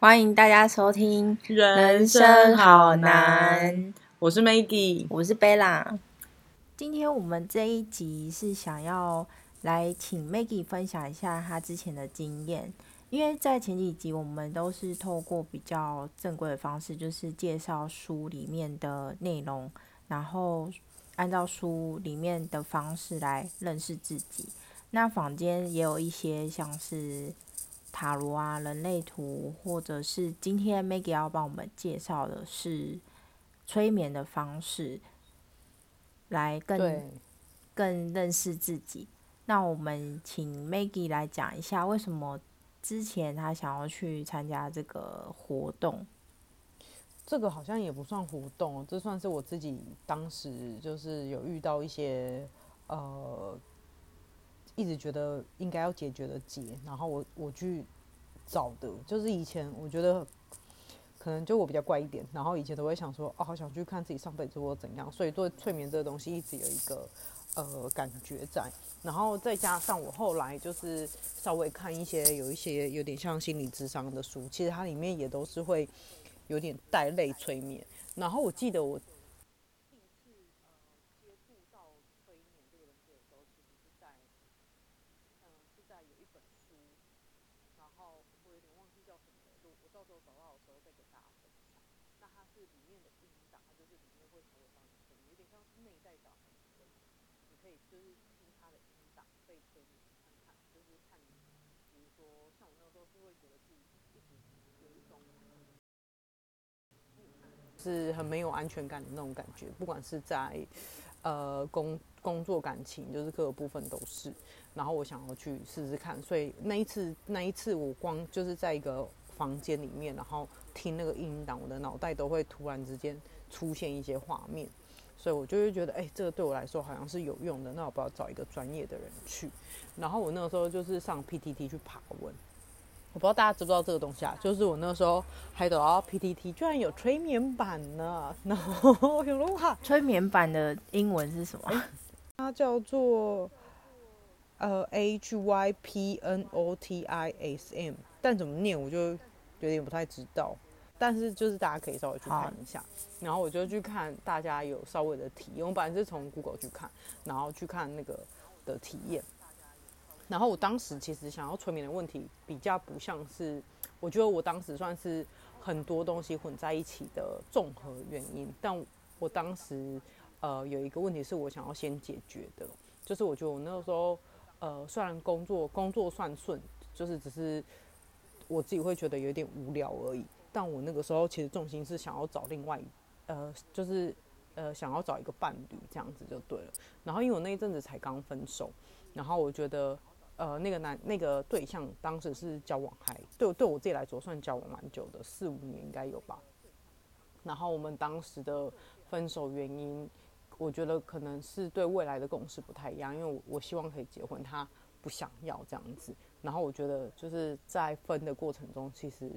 歡迎大家收聽《人生好難》，我是 Maggie，我是 Bella。今天我們這一集是想要來請 Maggie 分享一下她之前的經驗，因為在前幾集我們都是透過比較正規的方式，就是介紹書裡面的內容，然後按照書裡面的方式來認識自己。那坊間也有一些像是，塔羅啊，人類圖，或者是今天 Maggie 要幫我們介紹的是催眠的方式，來更對更認識自己。那我們請 Maggie 來講一下，為什麼之前她想要去參加這個活動？這個好像也不算活動，這算是我自己當時就是有遇到一些呃。一直覺得應該要解決的結，然後我我去找的，就是以前我覺得可能就我比較怪一點，然後以前都會想說，哦，好想去看自己上輩子或怎樣，所以做催眠這個東西一直有一個呃感覺在，然後再加上我後來就是稍微看一些有一些有點像心理諮商的書，其實它裡面也都是會有點帶類催眠，然後我記得我。是很沒有安全感的那種感覺，不管是在，呃，工工作、感情，就是各個部分都是。然後我想要去試試看，所以那一次，那一次我光就是在一個房間裡面，然後聽那個音檔，我的腦袋都會突然之間出現一些畫面，所以我就會覺得，哎、欸，這個對我來說好像是有用的，那我要不要找一個專業的人去？然後我那個時候就是上 PTT 去爬文。我不知道大家知不知道這個東西啊，就是我那個時候還都啊，P T T 居然有催眠版呢。然後，哇， 催眠版的英文是什麼？欸，它叫做呃 H Y P N O T I S M，但怎麼念我就有點不太知道。但是就是大家可以稍微去看一下。好然後我就去看大家有稍微的體驗。我本來是從 Google 去看，然後去看那個的體驗。然後我當時其實想要催眠的問題比較不像是，我覺得我當時算是很多東西混在一起的綜合原因。但我當時呃有一個問題是我想要先解決的，就是我覺得我那個時候呃雖然工作工作算順，就是只是我自己會覺得有點無聊而已。但我那個時候其實重心是想要找另外呃，就是呃想要找一個伴侶這樣子就對了。然後因為我那一陣子才剛分手，然後我覺得。呃，那個男，那個對象當時是交往還對，對我自己來說算交往蠻久的，四五年應該有吧。然後我們當時的分手原因，我覺得可能是對未來的共識不太一樣，因為我我希望可以結婚，他不想要這樣子。然後我覺得就是在分的過程中，其實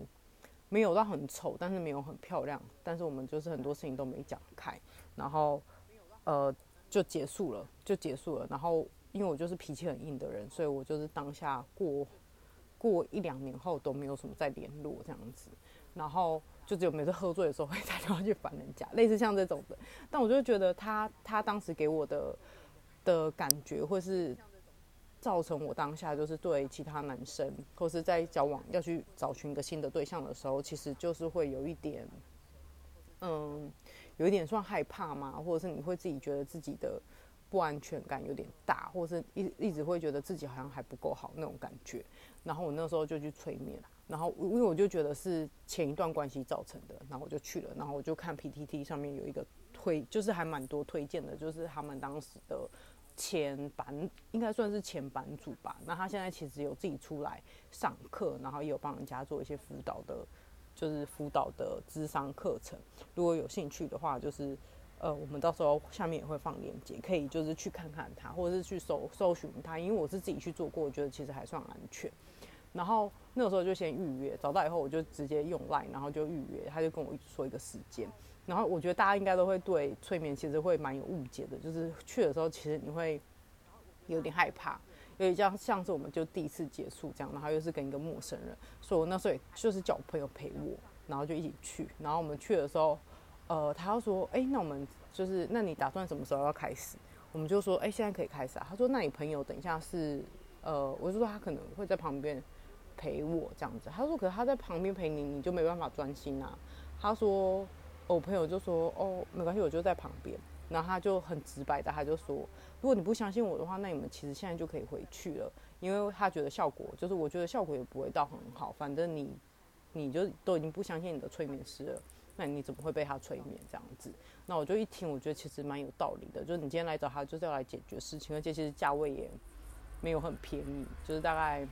沒有到很醜，但是沒有很漂亮，但是我們就是很多事情都沒講開，然後呃就結束了，就結束了，然後。因為我就是脾氣很硬的人，所以我就是當下過過一兩年後都沒有什麼再聯絡這樣子，然後就只有每次喝醉的時候會打電話去煩人家，類似像這種的。但我就覺得他他當時給我的的感覺，會是造成我當下就是對其他男生，或是在交往要去找尋一個新的對象的時候，其實就是會有一點，嗯，有一點算害怕嘛，或者是你會自己覺得自己的，不安全感有點大，或是一一直會覺得自己好像還不夠好那種感覺。然後我那時候就去催眠，然後因為我就覺得是前一段關係造成的，然後我就去了。然後我就看 PTT 上面有一個推，就是還蠻多推薦的，就是他們當時的前版應該算是前版主吧。那他現在其實有自己出來上課，然後也有幫人家做一些輔導的，就是輔導的諮商課程。如果有興趣的話，就是。呃，我們到時候下面也會放鏈接，可以就是去看看他，或者是去搜搜尋他，因為我是自己去做過，我覺得其實還算安全。然後那個時候就先預約，找到以後我就直接用 Line，然後就預約，他就跟我說一個時間。然後我覺得大家應該都會對催眠其實會蠻有誤解的，就是去的時候其實你會有點害怕，因為像上次我們就第一次接觸這樣，然後又是跟一個陌生人，所以我那時候就是叫我朋友陪我，然後就一起去。然後我們去的時候。呃，他要說，欸，那我們就是，那你打算什麼時候要開始？我們就說，欸，現在可以開始啊。他說，那你朋友等一下是，呃，我就說他可能會在旁邊陪我這樣子。他說，可是他在旁邊陪你，你就沒辦法專心啊。他說，哦，我朋友就說，哦，沒關係，我就在旁邊。然後他就很直白的，他就說，如果你不相信我的話，那你們其實現在就可以回去了，因為他覺得效果，就是我覺得效果也不會到很好，反正你，你就都已經不相信你的催眠師了。那你怎麼會被他催眠這樣子？那我就一聽，我覺得其實蠻有道理的。就是你今天來找他，就是要來解決事情，而且其實價位也沒有很便宜，就是大概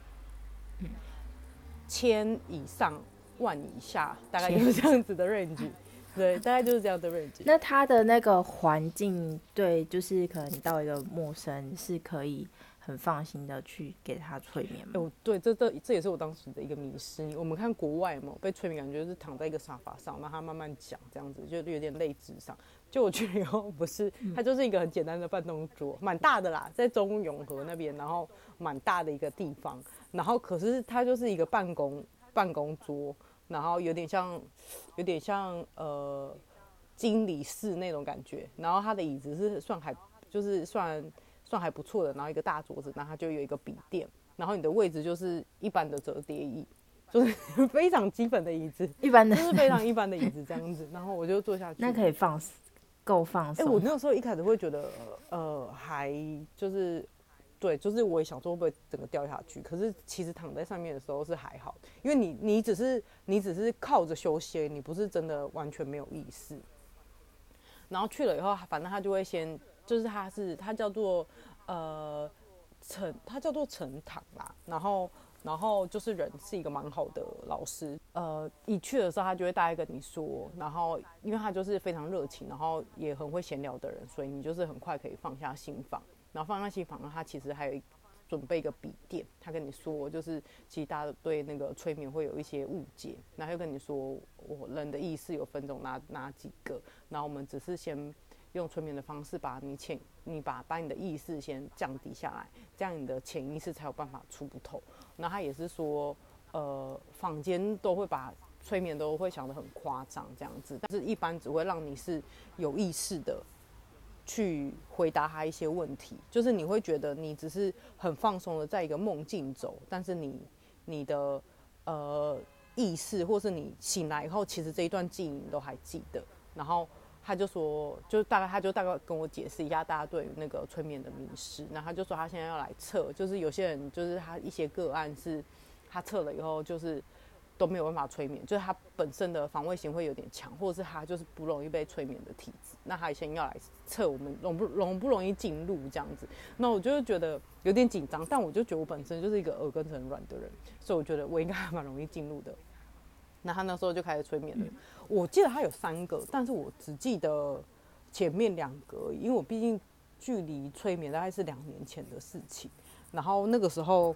千以上、萬以下，千大概就是這樣子的 range。 對，大概就是這樣的 range。 那他的那個環境，對，就是可能你到一個陌生是可以。很放心的去給他催眠。哦、欸，對，這這這也是我當時的一個迷思。我們看國外嘛，被催眠感覺是躺在一個沙發上，讓他慢慢講這樣子，就有點類似上。就我去以後，不是，他就是一個很簡單的辦公桌，蠻、嗯、大的啦，在中永和那邊，然後蠻大的一個地方，然後可是他就是一個辦公辦公桌，然後有點像有點像呃經理室那種感覺，然後他的椅子是算還就是算。算還不錯的，然後一個大桌子，然後它就有一個筆墊，然後你的位置就是一般的折疊椅，就是非常基本的椅子，一般的就是非常一般的椅子這樣子， 然後我就坐下去，那可以放，夠放鬆。欸，我那時候一開始會覺得，呃，還就是，對，就是我也想說會不會整個掉下去，可是其實躺在上面的時候是還好，因為你你只是你只是靠着休息，你不是真的完全沒有意識。然後去了以後，反正他就會先。就是他是他叫做，呃，陳他叫做陳唐啦。然後然後就是人是一個蠻好的老師。呃，一去的時候他就會大概跟你說，然後因為他就是非常熱情，然後也很會閒聊的人，所以你就是很快可以放下心房。然後放下心房呢，他其實還有準備一個筆電，他跟你說就是，其實大家對那個催眠會有一些誤解，然後又跟你說我、哦、人的意識有分種哪哪幾個，然後我們只是先。用催眠的方式，把你潛，你把把你的意識先降低下來，這樣你的潛意識才有辦法出不透。那他也是說，呃，坊間都會把催眠都會想得很誇張這樣子，但是一般只會讓你是有意識的去回答他一些問題，就是你會覺得你只是很放鬆的在一個夢境走，但是你你的呃意識，或是你醒來以後，其實這一段記憶你都還記得，然後。他就說，就是大概，他就大概跟我解釋一下大家對於那個催眠的迷思，然後他就說，他現在要來測，就是有些人就是他一些個案是，他測了以後就是都沒有辦法催眠，就是他本身的防衛性會有點強，或者是他就是不容易被催眠的體質。那他先要來測我們容不容不容易進入這樣子。那我就覺得有點緊張，但我就覺得我本身就是一個耳根子很軟的人，所以我覺得我應該還蠻容易進入的。那他那時候就開始催眠了，我記得他有三個，但是我只記得前面兩個，因為我畢竟距離催眠大概是兩年前的事情，然後那個時候。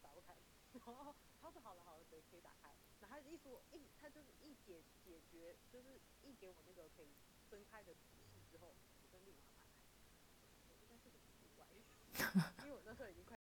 打不開，然後他說好了好了，可以可以打開，然後他一說一，他就是一解解決，就是一給我那個可以分開的東西之後，我就立馬打開了，因為我那時候已經快。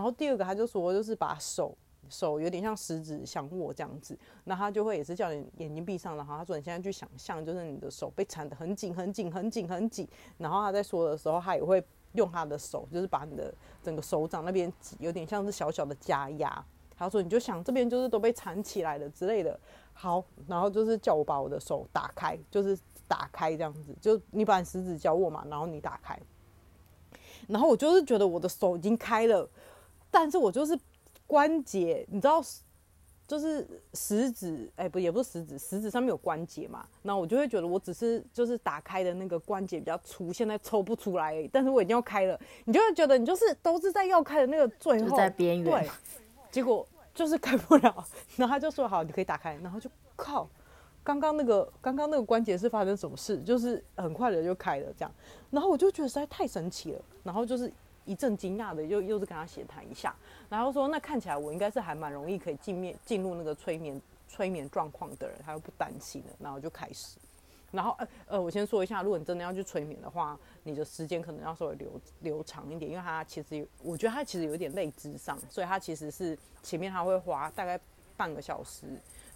然後第二個，他就說，就是把手手有點像十指相握這樣子，那他就會也是叫你眼睛閉上，然後他說你現在去想象，就是你的手被纏得很緊很緊很緊很緊，然後他在說的時候，他也會用他的手，就是把你的整個手掌那邊擠，有點像是小小的加壓。他說你就想這邊就是都被纏起來了之類的。好，然後就是叫我把我的手打開，就是打開這樣子，就你把你十指交握嘛，然後你打開。然後我就是覺得我的手已經開了。但是我就是關節，你知道，就是食指，哎、欸，不，也不是食指，食指上面有關節嘛。那我就會覺得，我只是就是打開的那個關節比較粗，現在抽不出來。但是我已經要開了，你就會覺得你就是都是在要開的那個最後在邊緣，對。結果就是開不了。然後他就說：“好，你可以打開。”然後就靠，剛剛那個剛剛那個關節是發生什麼事？就是很快的就開了這樣。然後我就覺得實在太神奇了。然後就是。一陣驚訝的又，又又是跟他閒談一下，然後說：“那看起來我應該是還蠻容易可以進面進入那個催眠催眠狀況的人。”他又不擔心了，然後就開始。然後呃呃，我先說一下，如果你真的要去催眠的話，你的時間可能要稍微留留長一點，因為他其實我覺得他其實有點累之上，所以他其實是前面他會花大概半個小時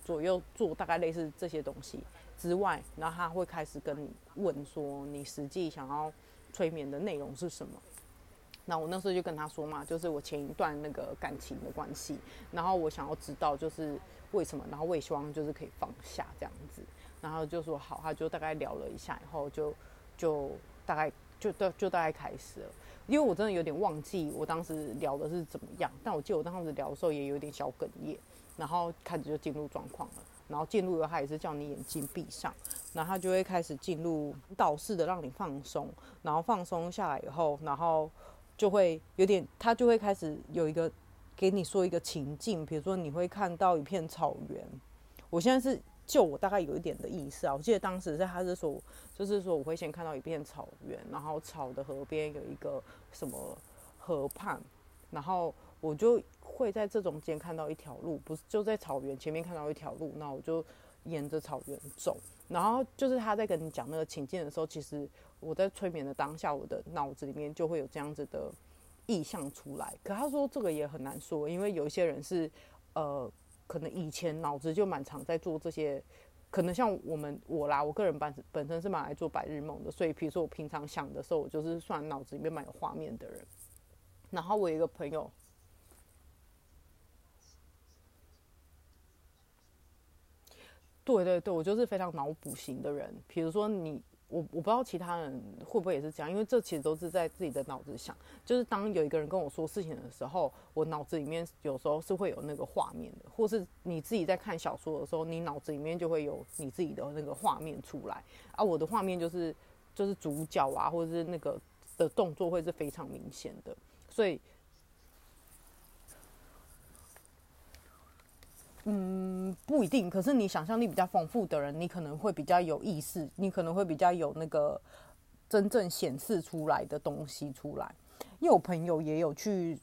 左右做大概類似這些東西之外，然後他會開始跟你問說你實際想要催眠的內容是什麼？那我那時候就跟他說嘛，就是我前一段那個感情的關係，然後我想要知道就是為什麼，然後我也希望就是可以放下這樣子，然後就說好，他就大概聊了一下，以後就就大概就就大概開始了，因為我真的有點忘記我當時聊的是怎麼樣，但我記得我當時聊的時候也有點小哽咽，然後開始就進入狀況了，然後進入的話也是叫你眼睛閉上，然後他就會開始進入導式的讓你放鬆，然後放鬆下來以後，然後。就會有點，他就會開始有一個，給你說一個情境，比如說你會看到一片草原。我現在是就我大概有一點的意思啊，我記得當時在他是說，就是說我會先看到一片草原，然後草的河邊有一個什麼河畔，然後我就會在這中間看到一條路，不是就在草原前面看到一條路，那我就沿着草原走。然後就是他在跟你講那個情境的時候，其實我在催眠的當下，我的腦子裡面就會有這樣子的意象出來。可他說這個也很難說，因為有一些人是，呃，可能以前腦子就蠻常在做這些，可能像我們我啦，我個人本本身是蠻愛做白日夢的，所以比如說我平常想的時候，我就是算腦子裡面蠻有畫面的人。然後我有一個朋友。對對對，我就是非常腦補型的人。比如說你，我我不知道其他人會不會也是這樣，因為這其實都是在自己的腦子想。就是當有一個人跟我說事情的時候，我腦子裡面有時候是會有那個畫面的，或是你自己在看小說的時候，你腦子裡面就會有你自己的那個畫面出來。啊，我的畫面就是就是主角啊，或者是那個的動作會是非常明顯的，所以。嗯，不一定。可是你想象力比較豐富的人，你可能會比較有意識，你可能會比較有那個真正顯示出來的東西出來。因為我朋友也有去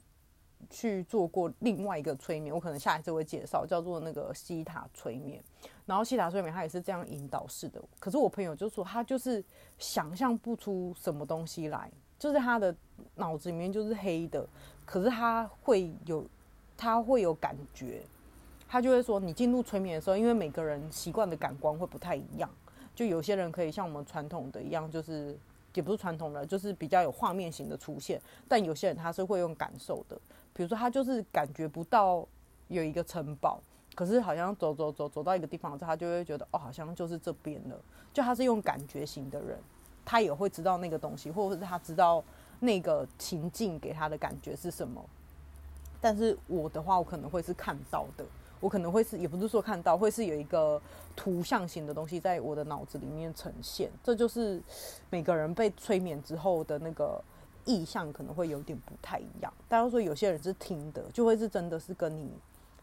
去做過另外一個催眠，我可能下一次會介紹，叫做那個西塔催眠。然後西塔催眠他也是這樣引導式的。可是我朋友就說他就是想象不出什麼東西來，就是他的腦子裡面就是黑的，可是他會有他會有感覺。他就會說，你進入催眠的時候，因為每個人習慣的感官會不太一樣，就有些人可以像我們傳統的一樣，就是也不是傳統的，就是比較有畫面型的出現。但有些人他是會用感受的，比如說他就是感覺不到有一個城堡，可是好像走走走走到一個地方之後，他就會覺得哦，好像就是這邊了。就他是用感覺型的人，他也會知道那個東西，或者是他知道那個情境給他的感覺是什麼。但是我的話，我可能會是看到的。我可能會是，也不是說看到，會是有一個圖像型的東西在我的腦子裡面呈現，這就是每個人被催眠之後的那個意象可能會有點不太一樣。但是說有些人是聽的，就會是真的是跟你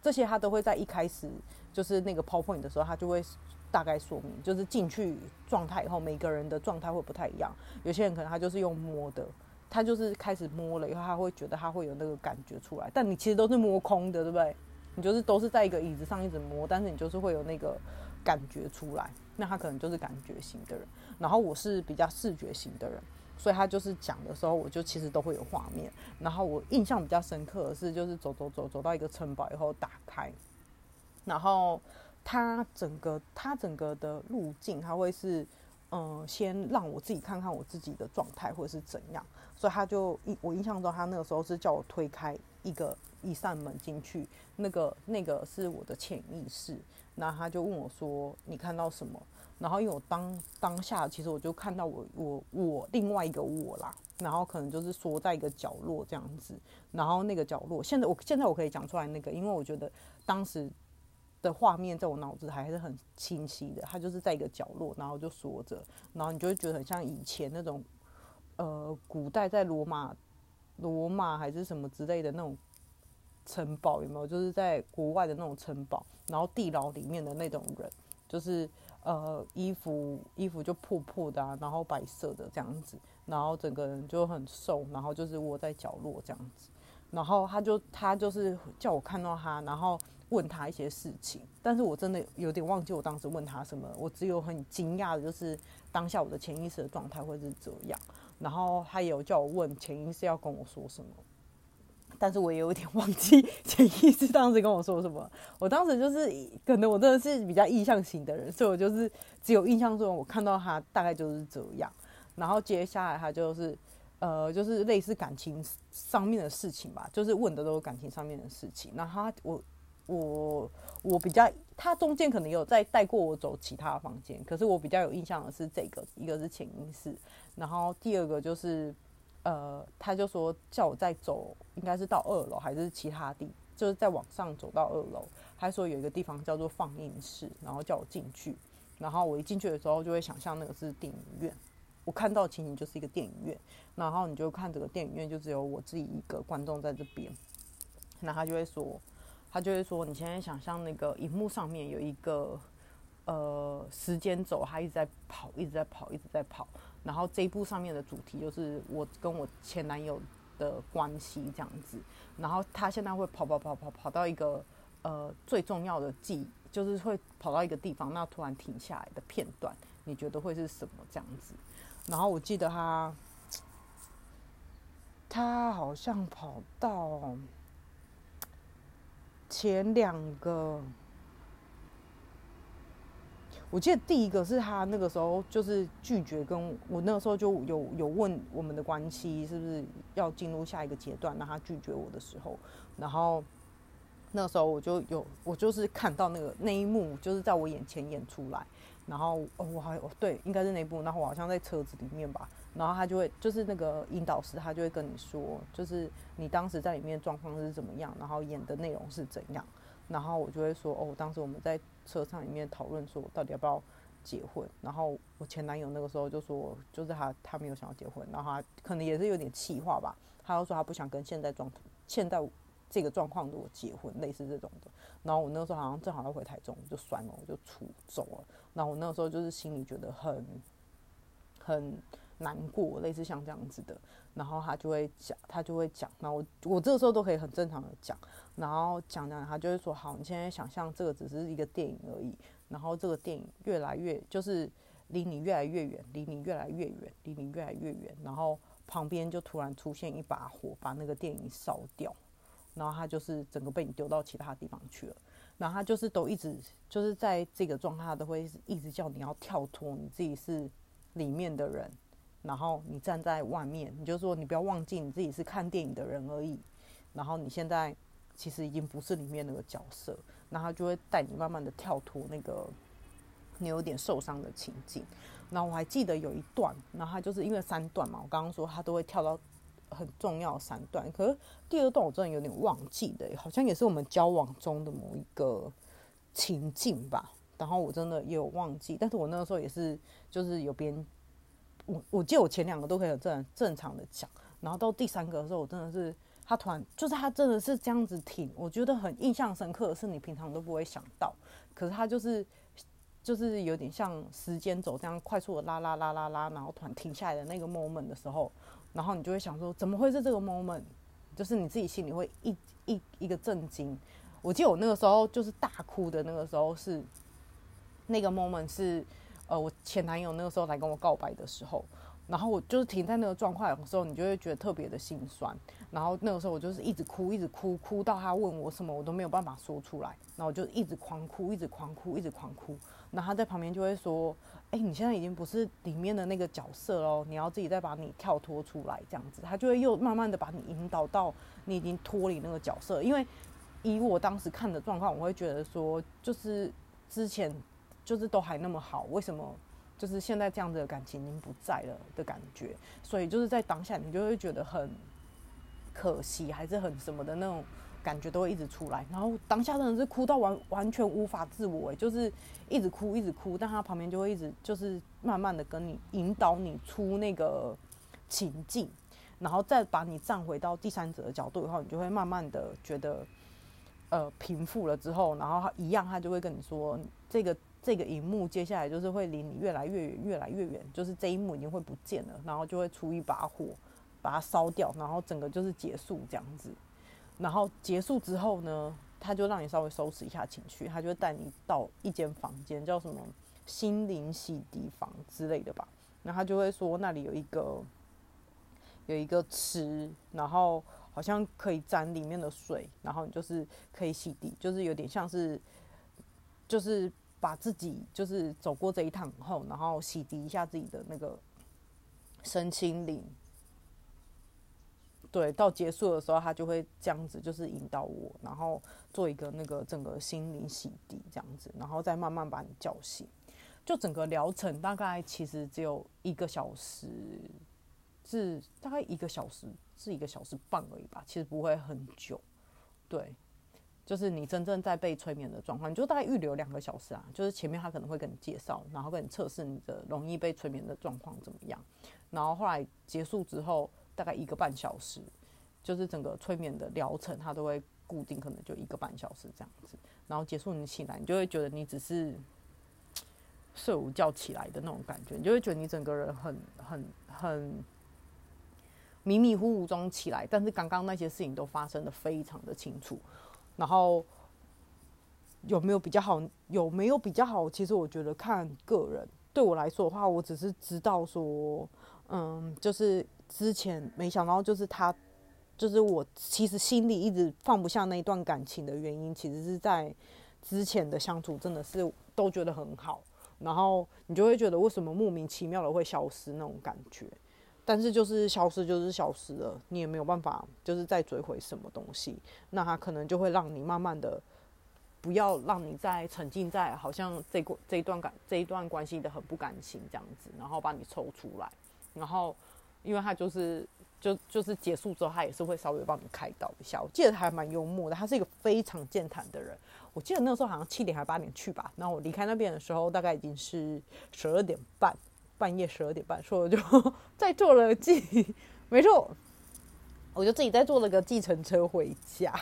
這些他都會在一開始就是那個 PowerPoint 的時候，他就會大概說明，就是進去狀態以後，每個人的狀態會不太一樣。有些人可能他就是用摸的，他就是開始摸了以後，他會覺得他會有那個感覺出來，但你其實都是摸空的，對不對？你就是都是在一個椅子上一直摸，但是你就是會有那個感覺出來，那他可能就是感覺型的人。然後我是比較視覺型的人，所以他就是講的時候，我就其實都會有畫面。然後我印象比較深刻的是，就是走走走走到一個城堡以後打開，然後他整個他整個的路徑他會是，嗯，先讓我自己看看我自己的狀態或者是怎樣，所以他就我印象中他那個時候是叫我推開一個。一扇門進去，那個那個是我的潛意識。那他就問我說：“你看到什麼？”然後因為我當當下，其實我就看到我我我另外一個我啦。然後可能就是縮在一個角落這樣子。然後那個角落，現在我現在我可以講出來那個，因為我覺得當時的畫面在我腦子還是很清晰的。他就是在一個角落，然後就縮着，然後你就會覺得很像以前那種，呃，古代在羅馬羅馬還是什麼之類的那種。城堡有沒有？就是在國外的那種城堡，然後地牢裡面的那種人，就是呃衣服衣服就破破的，啊，然後白色的這樣子，然後整個人就很瘦，然後就是窩在角落這樣子。然後他就他就是叫我看到他，然後問他一些事情，但是我真的有點忘記我當時問他什麼，我只有很驚訝的就是當下我的潛意識的狀態會是這樣，然後他也有叫我問潛意識要跟我說什麼。但是我也有點忘記潛意識當時跟我說什麼，我當時就是可能我真的是比較印象型的人，所以我就是只有印象中我看到他大概就是這樣，然後接下來他就是呃就是類似感情上面的事情吧，就是問的都是感情上面的事情。然後他我我我比較他中間可能有在帶過我走其他房間，可是我比較有印象的是這個，一個是潛意識，然後第二個就是。呃，他就說叫我再走，應該是到二樓還是其他地，就是再往上走到二樓。他說有一個地方叫做放映室，然後叫我進去。然後我一進去的時候，就會想象那個是電影院，我看到的情景就是一個電影院。然後你就看這個電影院，就只有我自己一個觀眾在這邊。那他就會說，他就會說，你現在想象那個熒幕上面有一個呃時間軸，他一直在跑，一直在跑，一直在跑。然後這一部上面的主題就是我跟我前男友的關係這樣子，然後他現在會跑跑跑跑跑到一個呃最重要的記憶，就是會跑到一個地方，那突然停下來的片段，你覺得會是什麼這樣子？然後我記得他，他好像跑到前兩個。我記得第一個是他那個時候就是拒絕跟我，我那個時候就有有問我們的關係是不是要進入下一個階段，然後他拒絕我的時候，然後那時候我就有我就是看到那個那一幕就是在我眼前演出來，然後哦我還對應該是那一幕，然後我好像在車子裡面吧，然後他就會就是那個引導師他就會跟你說，就是你當時在裡面的狀況是怎麼樣，然後演的內容是怎樣，然後我就會說哦當時我們在。車上裡面討論說，我到底要不要結婚？然後我前男友那個時候就說，我就是他，他沒有想要結婚。然後他可能也是有點氣話吧，他就說他不想跟現在狀現在這個狀況的我結婚，類似這種的。然後我那個時候好像正好要回台中，我就算了，我就出走了。那我那個時候就是心裡覺得很很。難過，類似像這樣子的，然後他就會講，他就會講，然後我我這個時候都可以很正常的講，然後講講講，他就會說：好，你現在想象這個只是一個電影而已，然後這個電影越來越就是離你越來越遠，離你越來越遠，離你越來越遠，然後旁邊就突然出現一把火，把那個電影燒掉，然後他就是整個被你丟到其他地方去了，然後他就是都一直就是在這個狀態，都會一直叫你要跳脫，你自己是裡面的人。然後你站在外面，你就說你不要忘記你自己是看電影的人而已。然後你現在其實已經不是裡面那個角色，然後他就會帶你慢慢的跳脫那個你有點受傷的情境。然後我還記得有一段，然後他就是因為三段嘛，我剛剛說他都會跳到很重要三段，可是第二段我真的有點忘記的，好像也是我們交往中的某一個情境吧。然後我真的也有忘記，但是我那個時候也是就是有邊。我我記得我前兩個都可以很正正常的講，然後到第三個的時候，我真的是他突然就是他真的是這樣子挺。我覺得很印象深刻的是你平常都不會想到，可是他就是就是有點像時間走這樣快速的拉拉拉拉拉，然後突然停下來的那個 moment 的時候，然後你就會想說怎麼會是這個 moment，就是你自己心裡會一一一,一個震驚。我記得我那個時候就是大哭的那個時候是那個 moment 是。呃，我前男友那個時候來跟我告白的時候，然後我就是停在那個狀況的時候，你就會覺得特別的心酸。然後那個時候我就是一直哭，一直哭，哭到他問我什麼，我都沒有辦法說出來。然後我就一直狂哭，一直狂哭，一直狂哭。然後他在旁邊就會說：“欸，你現在已經不是裡面的那個角色嘍，你要自己再把你跳脫出來這樣子。”他就會又慢慢的把你引導到你已經脫離那個角色。因為以我當時看的狀況，我會覺得說，就是之前。就是都還那麼好，為什麼就是現在這樣子的感情已經不在了的感覺？所以就是在當下，你就會覺得很可惜，還是很什麼的那種感覺都會一直出來。然後當下真的是哭到完完全無法自我，就是一直哭，一直哭。但他旁邊就會一直就是慢慢的跟你引導你出那個情境，然後再把你站回到第三者的角度以後，你就會慢慢的覺得呃，平復了之後，然後他一樣，他就會跟你說這個。這個熒幕接下來就是會離你越來越遠，越來越遠，就是這一幕已經會不見了，然後就會出一把火把它燒掉，然後整個就是結束這樣子。然後結束之後呢，他就讓你稍微收拾一下情緒，他就帶你到一間房間，叫什麼心靈洗滌房之類的吧。然後他就會說那裡有一個有一個池，然後好像可以沾裡面的水，然後你就是可以洗滌，就是有點像是就是。把自己就是走過這一趟以後，然後洗滌一下自己的那個身心靈。對，到結束的時候，他就會這樣子，就是引導我，然後做一個那個整個心靈洗滌，這樣子，然後再慢慢把你叫醒。就整個療程大概其實只有一個小時，至大概一個小時，至一個小時半而已吧，其實不會很久。對。就是你真正在被催眠的狀況，你就大概預留兩個小時啊，就是前面他可能會跟你介紹，然後跟你測試你的容易被催眠的狀況怎麼樣。然後後來結束之後，大概一個半小時，就是整個催眠的療程，它都會固定，可能就一個半小時這樣子。然後結束你起來，你就會覺得你只是睡午覺起來的那種感覺，你就會覺得你整個人很很很迷迷糊糊中起來，但是剛剛那些事情都發生的非常的清楚。然後有沒有比較好？有沒有比較好？其實我覺得看個人。對我來說的話，我只是知道說，嗯，就是之前沒想到，就是他，就是我其實心裡一直放不下那一段感情的原因，其實是在之前的相處真的是都覺得很好，然後你就會覺得為什麼莫名其妙的會消失那種感覺。但是就是消失，就是消失了，你也沒有辦法，就是再追回什麼東西。那他可能就會讓你慢慢的，不要讓你再沉浸在好像這過這一段感這一段關係的很不甘心這樣子，然後把你抽出來。然後，因為他就是就就是結束之後，他也是會稍微幫你開導一下。我記得他還蠻幽默的，他是一個非常健談的人。我記得那時候好像七點還八點去吧，然後我離開那邊的時候，大概已經是十二點半。半夜十二點半，所以我就再 坐了計，沒錯，我就自己再坐了個計程車回家。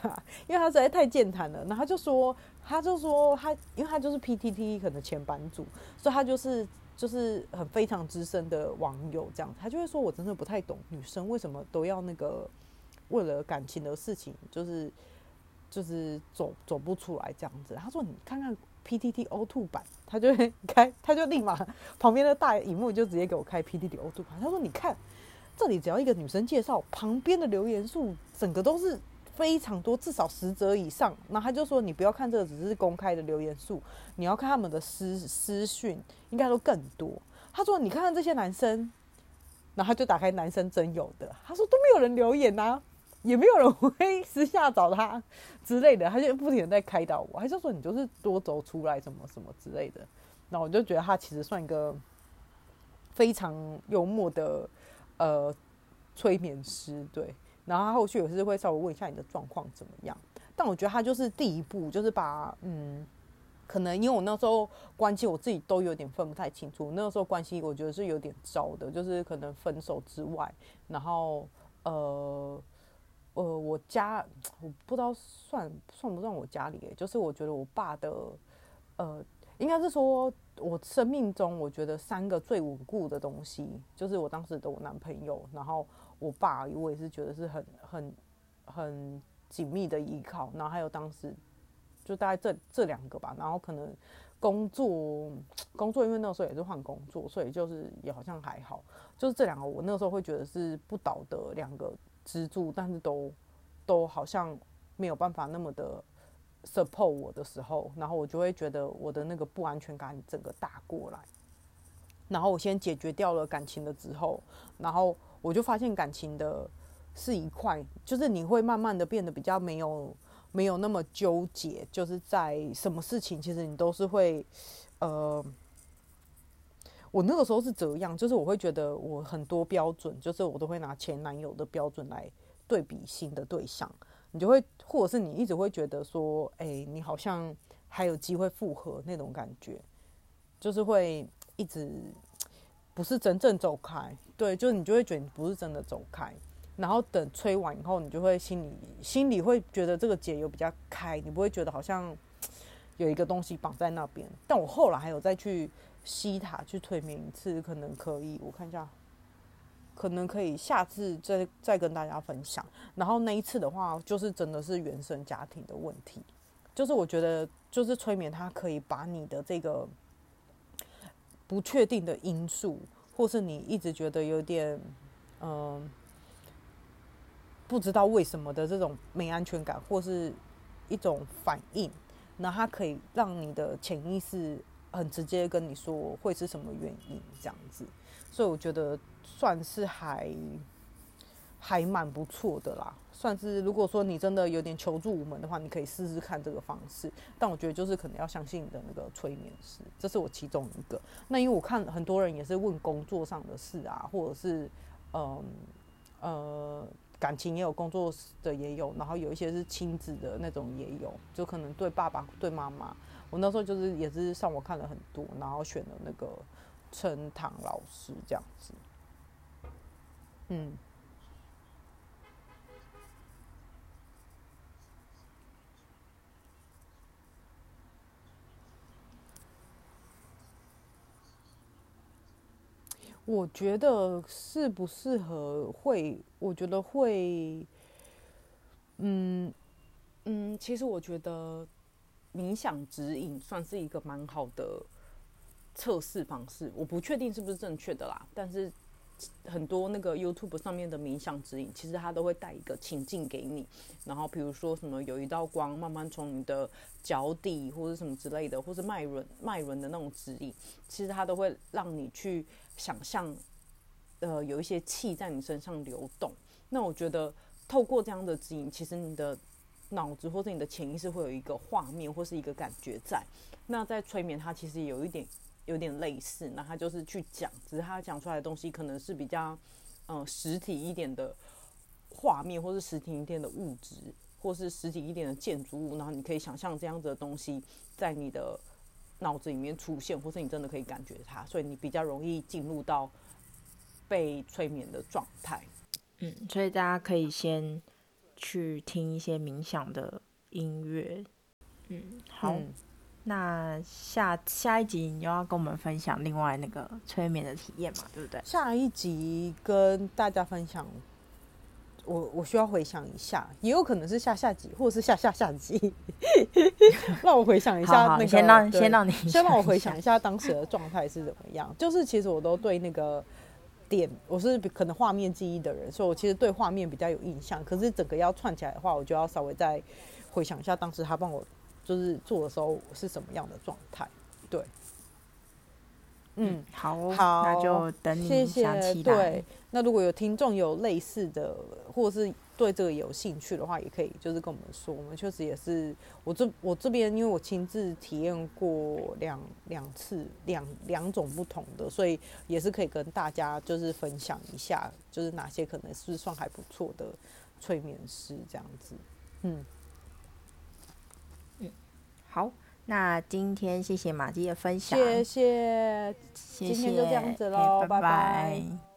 因為他實在太健談了，然後他就說，他就說他，因為他就是 PTT 可能前版主，所以他就是就是很非常資深的網友這樣，他就會說，我真的不太懂女生為什麼都要那個為了感情的事情，就是，就是就是走走不出來這樣子。他說你看看。P T T O2 版，他就開，他就立馬旁邊的大熒幕就直接給我開 P T T O2 版。他說：“你看，這裡只要一個女生介紹，旁邊的留言數整個都是非常多，至少十則以上。”然後他就說：“你不要看這個，只是公開的留言數，你要看他們的私私訊，應該都更多。”他說：“你看看這些男生。”然後他就打開男生徵友的，他說：“都沒有人留言吶、啊。”也沒有人會私下找他之類的，他就不停地在開導我，還是說你就是多走出來什麼什麼之類的。那我就覺得他其實算一個非常幽默的呃催眠師，對。然後他後續也是會稍微問一下你的狀況怎麼樣，但我覺得他就是第一步，就是把嗯，可能因為我那時候關係我自己都有點分不太清楚，那個時候關係我覺得是有點糟的，就是可能分手之外，然後呃。呃，我家我不知道算算不算我家裡哎、欸，就是我覺得我爸的，呃，應該是說我生命中我覺得三個最穩固的東西，就是我當時的我男朋友，然後我爸，我也是覺得是很很很緊密的依靠，然後還有當時就大概這這兩個吧，然後可能工作工作，因為那時候也是換工作，所以就是也好像還好，就是這兩個我那時候會覺得是不倒的兩個支柱，但是都都好像沒有辦法那麼的 support 我的時候，然後我就會覺得我的那個不安全感整個大過來。然後我先解決掉了感情的之後，然後我就發現感情的是一塊，就是你會慢慢的變得比較沒有沒有那麼糾結，就是在什麼事情其實你都是會呃。我那個時候是這樣，就是我會覺得我很多標準，就是我都會拿前男友的標準來對比新的對象，你就會，或者是你一直會覺得說，誒、欸，你好像還有機會復合那種感覺，就是會一直不是真正走開，對，就是你就會覺得你不是真的走開，然後等催完以後，你就會心裡心裡會覺得這個結有比較開，你不會覺得好像。有一個東西綁在那邊，但我後來還有再去吸它，去催眠一次，可能可以。我看一下，可能可以下次再再跟大家分享。然後那一次的話，就是真的是原生家庭的問題，就是我覺得，就是催眠它可以把你的這個不確定的因素，或是你一直覺得有點嗯、呃、不知道為什麼的這種沒安全感，或是一種反應。那它可以讓你的潛意識很直接跟你說會是什麼原因這樣子，所以我覺得算是還還蠻不錯的啦。算是如果說你真的有點求助無門的話，你可以試試看這個方式。但我覺得就是可能要相信你的那個催眠師，這是我其中一個。那因為我看很多人也是問工作上的事啊，或者是嗯嗯。感情也有，工作的也有，然後有一些是親子的那種也有，就可能對爸爸、對媽媽。我那時候就是也是上網看了很多，然後選了那個陳唐老師這樣子。嗯，我覺得適不適合會。我覺得會。嗯，嗯嗯，其實我覺得冥想指引算是一個蠻好的測試方式。我不確定是不是正確的啦，但是很多那個 YouTube 上面的冥想指引，其實它都會帶一個情境給你。然後比如說什麼有一道光慢慢從你的腳底或者什麼之類的，或是脈輪脈輪的那種指引，其實它都會讓你去想象呃，有一些氣在你身上流動。那我覺得透過這樣的指引，其實你的腦子或是你的潛意識會有一個畫面或是一個感覺在。那在催眠，它其實有一點有點類似，那它就是去講，只是它講出來的東西可能是比較嗯、呃、實體一點的畫面，或是實體一點的物質，或是實體一點的建築物。然後你可以想象這樣子的東西在你的腦子裡面出現，或是你真的可以感覺它，所以你比較容易進入到被催眠的狀態，嗯，所以大家可以先去聽一些冥想的音樂，嗯，好，嗯、那下下一集你又要跟我們分享另外那個催眠的體驗嘛，對不對？下一集跟大家分享，我我需要回想一下，也有可能是下下集，或者是下下下集， 讓我回想一下、那個。你 先讓就先讓你先讓我回想一下當時的狀態是怎麼樣。 就是其實我都對那個。點我是可能畫面記憶的人，所以我其實對畫面比較有印象。可是整個要串起來的話，我就要稍微再回想一下，當時他幫我就是做的時候，我是什麼樣的狀態。對，嗯，好，好，那就等你下期對。那如果有聽眾有類似的，或是。對這個有興趣的話，也可以就是跟我們說，我們確實也是我這我這邊，因為我親自體驗過兩兩次兩兩種不同的，所以也是可以跟大家就是分享一下，就是哪些可能是，是算還不錯的催眠師這樣子。嗯，嗯，好，那今天謝謝馬姬的分享，謝謝，今天就這樣子嘍，謝謝拜拜。拜拜